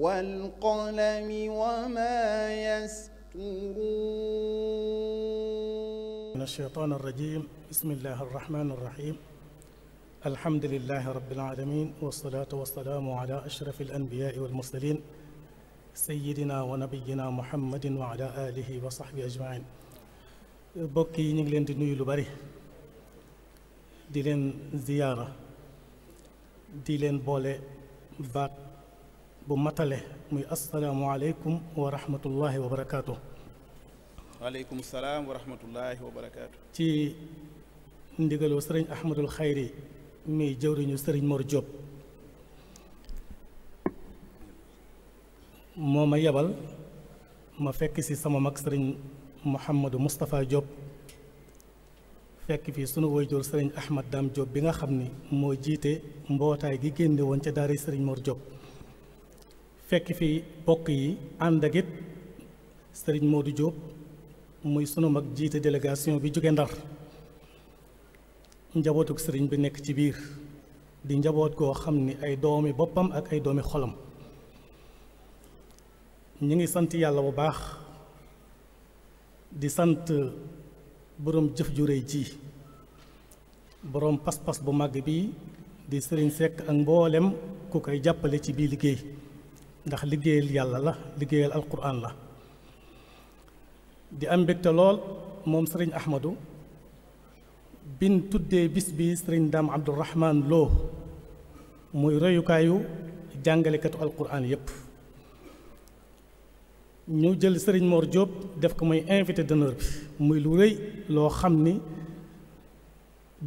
والقلم وما يسطرون من الشيطان الرجيم بسم الله الرحمن الرحيم الحمد لله رب العالمين والصلاة والسلام على أشرف الأنبياء والمرسلين سيدنا ونبينا محمد وعلى آله وصحبه أجمعين bokk yi ñu ngi leen di nuyu lu bari di leen ziyaara di leen boole baat bu matale muy asalaamualeykum wa rahmatullahi wa barakaatu. waaleykum salaam wa rahmatullahi barakaatu. ci ndigalu sëriñ Ahmadul Xayri muy jëwriñu sëriñ Mor Diop. moo ma yebal ma fekk si sama mag sëriñ Mouhamadou Moustapha Diop. fekk fii sunu waajur sëriñ Ahmad Dame Diop bi nga xam ni moo jiite mbootaay gi génne woon ca daara sëriñ Mor Diop. fekk fi bokk yi ànd ak it sëriñ Modou Diop muy sunu mag jiite délégation bi jóge Ndar njabootuk sëriñ bi nekk ci biir di njaboot koo xam ni ay doomi boppam ak ay doomi xolam ñu ngi sant yàlla bu baax di sant boroom jëf ju réy ji boroom pas-pas bu màgg bi di sëriñ sekk ak mbooleem ku koy jàppale ci biir liggéey ndax liggéeyal yàlla la liggéeyal alquran la di am mbégte lool moom sëriñ ahmadu bin tuddee bis bi sëriñ daam abdurahman loo muy reyukaayu jàngalekatu alquran yépp ñu jël sëriñ Mor Diop def ko muy invité d'honneur bi muy lu rëy loo xam ni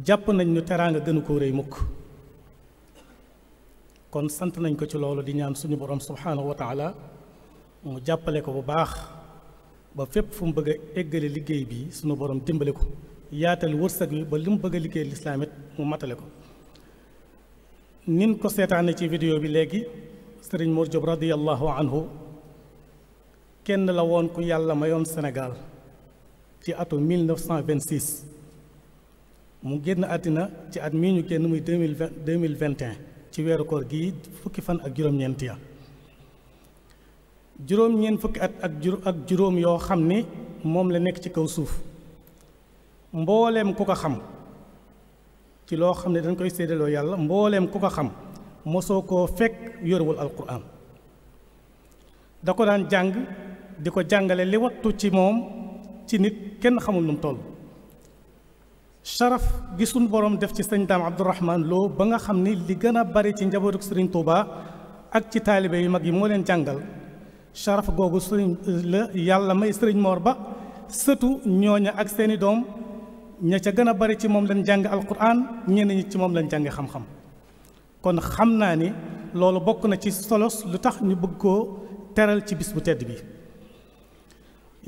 jàpp nañ ñu teraanga gënu ko rëy mukk kon sant nañ ko ci loolu di ñaan suñu borom subhaanahu wa taala mu jàppale ko bu baax ba fépp fu mu bëgg a éggale liggéey bi suñu borom dimbale ko yaatal wërsëg wi ba li mu bëgg liggéey lislaam mu matale ko nin ko seetaane ci vidéo bi léegi sëriñ Mor Diop radiallahu anhu kenn la woon ku yàlla mayoon senegal ci atum 1926 mu génn àddina ci at mii ñu génn muy deux mille vingt deux mille vingt et un ci weeru koor gi fukki fan ak juróom-ñeent ya juróom-ñeent fukki at ak juróom yoo xam ne moom la nekk ci kaw suuf mbooleem ku ko xam ci loo xam ne dañ koy séddaloo yàlla mbooleem ku ko xam mosoo koo fekk yorewul alquran da ko daan jàng di ko jàngale li wattu ci moom ci nit kenn xamul nu mu sharaf gi suñ borom def ci sëñ daam abdourahman loo ba nga xam ni li gën a bari ci njabootu sëriñ Touba ak ci taalibe yu mag yi moo leen jàngal sharaf googu sëriñ la yàlla may sëriñ moor Ba sëtu ñooña ak seeni doom ña ca gën a bari ci moom leen jàng alquran ñenn ñi ci moom leen jànge xam-xam kon xam naa ni loolu bokk na ci solos lu tax ñu bëgg koo teral ci bis bu tedd bi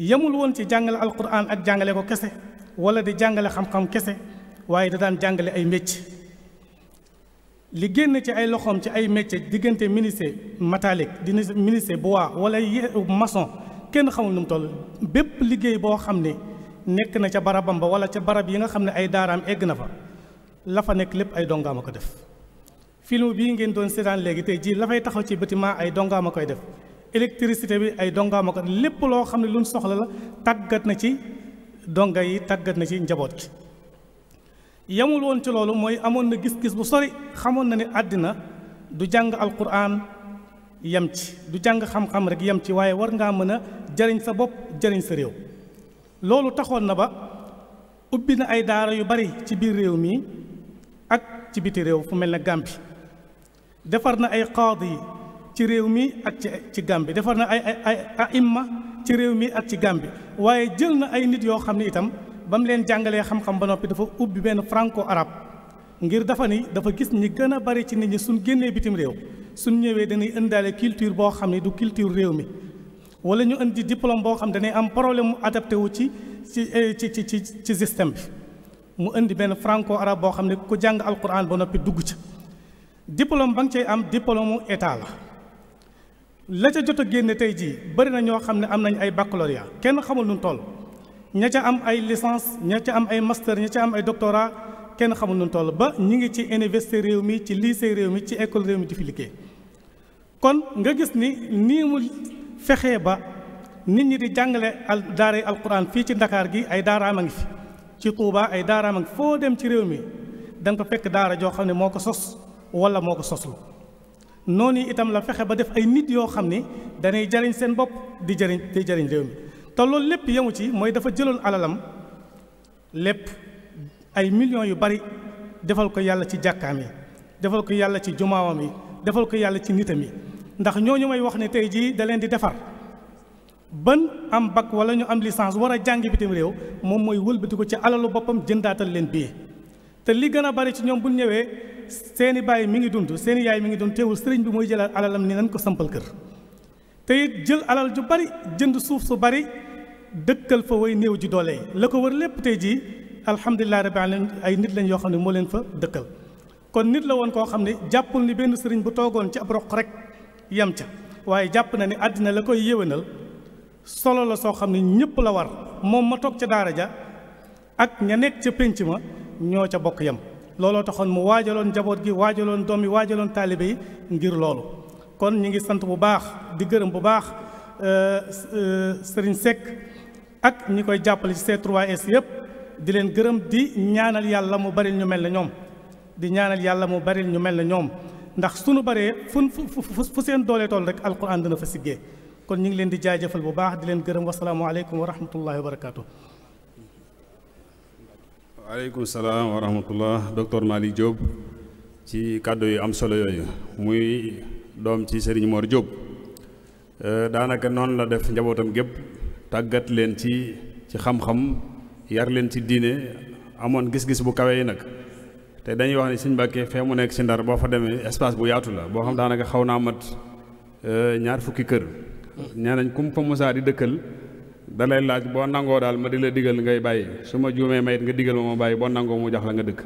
yemul woon ci jàngale alquran ak jàngale ko kese wala di jàngale xam-xam kese waaye da daan jàngale ay métier li génn ci ay loxoom ci ay métier diggante menuisier métallique di menuisier bois wala mason kenn xamul nu mu toll bépp liggéey boo xam ne nekk na ca barabam ba wala ca barab yi nga xam ne ay daaraam egg na fa la fa nekk lépp ay dongaama ko def film bii ngeen doon seetaan léegi tey jii la fay taxaw ci bâtiment ay dongaama koy def électricité bi ay dongaama ko lépp loo xam ne lu soxla la tàggat na ci donga yi tàggat na ci njaboot gi yamul ci loolu mooy amoon na gis-gis bu sori xamoon na ne àddina du jàng alquran yem ci du jàng xam-xam rek yam ci waaye war ngaa mën a jëriñ sa bopp jëriñ sa réew loolu taxoon na ba ubbi na ay daara yu bari ci biir réew mi ak ci biti réew fu mel ne Gàmbi defar na ay qaadi ci réew mi ak ci ci Gàmbi defar na ay ay ay aimma ci réew mi ak ci Gambie waaye jël na ay nit yoo xam ne itam ba mu leen jàngalee xam-xam ba noppi dafa ubbi benn franco arab ngir dafa ni dafa gis ñi gën a bari ci nit ñi suñ génnee bitim réew suñ ñëwee dañuy indaale culture boo xam ne du culture réew mi wala ñu indi diplôme boo xam ne dañuy am problème mu adapté wu ci ci ci ci ci système bi mu indi benn franco arab boo xam ne ku jàng al alquran ba noppi dugg ci diplôme ba nga cay am diplôme mu état la. la ca jot a génne tey jii bëri na ñoo xam ne am nañ ay baccalauréat kenn xamul nu toll ña ca am ay licence ña ca am ay master ña ca am ay doctorat kenn xamul nu toll ba ñu ngi ci université réew mi ci lycée réew mi ci école réew mi di fi liggéey kon nga gis ni nii mu fexee ba nit ñi di jàngale al daaray alquran fii ci Ndakaar gi ay daaraam a ngi fi ci Touba ay daaraam a ngi foo dem ci réew mi danga ko fekk daara joo xam ne moo ko sos wala moo ko soslu noonu itam la fexe ba def ay nit yoo xam ne danay jariñ seen bopp di jariñ di jariñ réew mi te loolu lépp yemu ci mooy dafa jëloon alalam lépp ay millions yu bari defal ko yàlla ci jàkkaam yi defal ko yàlla ci jumaawam yi defal ko yàlla ci nitam yi ndax ñooñu may wax ne tey jii da leen di defar ban am bac wala ñu am licence war a jàngi bitim réew moom mooy wëlbati ko ci alalu boppam jëndaatal leen billet te li gën a bari ci ñoom bu ñëwee seeni baay mi ngi dund seeni yaay mi ngi dund teewul sëriñ bi mooy jëlal alalam ni nañ ko sampal kër te jël alal ju bari jënd suuf su bari dëkkal fa way néew ji doole yi la ko wër lépp tey jii alhamdulilah rabbi alamin ay nit lañ yoo xam ne moo leen fa dëkkal kon nit la woon koo xam ne jàppul ni benn sëriñ bu toogoon ci ab roq rek yem ca waaye jàpp na ni àddina la koy yéwénal solo la soo xam ne ñëpp la war moom ma toog ca daara ja ak ña nekk ca pénc ma ñoo ca bokk yem looloo taxoon mu waajaloon njaboot gi waajaloon doom yi waajaloon taalibe yi ngir loolu kon ñu ngi sant bu baax di gërëm bu baax sëriñ euh, euh, sekk ak ñi koy jàppale ci C3S yëpp di leen gërëm di ñaanal yàlla mu bari ñu mel ne ñoom di ñaanal yàlla mu baril ñu mel ne ñoom ndax suñu baree fu fu seen doolee tool rek alquran dina fa siggee kon ñu ngi leen di jaajëfal bu baax di leen gërëm wasalaamualeykum wa rahmatullahi wa barakaatu. waaleykum salaam wa rahmatullah docteur Malick ci kàddu yi am solo yooyu muy doom ci sëriñ Mor Diop eh, daanaka noonu la def njabootam gépp tàggat leen ci ci xam-xam yar leen ci diine amoon gis-gis bu kawe yi nag te dañuy wax ne Serigne Mbacké fee mu nekk ci Ndar boo fa demee espace bu yaatu la boo xam daanaka xaw naa mat eh, ñaar fukki kër ñaa mm. nañ kum fa mosaa di dëkkal da laaj boo nangoo daal ma di la digal ngay bàyyi su ma juumee mayit nga digal ma ma bàyyi boo nangoo mu jox la nga dëkk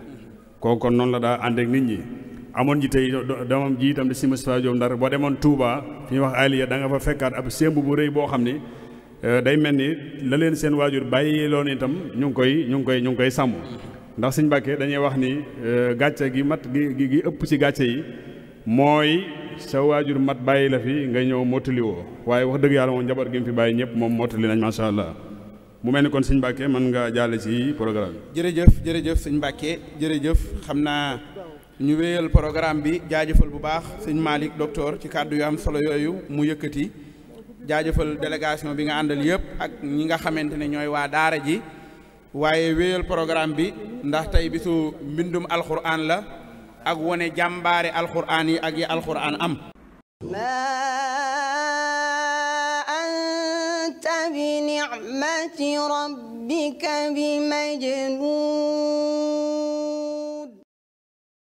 kooku noonu la daa ànd ak nit ñi amoon ji tey doomam ji itam di si Moustapha Diop Ndar boo demoon Touba fi ñuy wax Aliya da nga fa fekkaat ab sémb bu rëy boo xam ni euh, day mel ni la leen seen waajur bàyyi loon itam ñu ngi koy ñu ngi koy ñu ngi koy sàmm ndax Sëñ Mbàkke dañuy wax ni euh, gàcce gi mat gi gi ëpp ci gàcce yi mooy sa waajur mat bàyyi la fi nga ñëw mottali woo waaye wax dëgg yàlla moom njaboot gi mu fi bàyyi ñëpp moom mottali nañ macha allah mu mel ni kon sëñ Mbacke mën nga jàll ci programme jërëjëf jërëjëf sëñ Mbacke jërëjëf xam naa ñu wéyal programme bi jaajëfal bu baax sëñ Malick docteur ci kàddu yu am solo yooyu mu yëkkati jaajëfal délégation bi nga àndal yëpp ak ñi nga xamante ne ñooy waa daara ji waaye wéyal programme bi ndax tey bisu mbindum alxuraan la. ak wone jàmbaare alxuraan yi ak yi alxuraan am maa anta bi ni'mati rabbika bi majnuun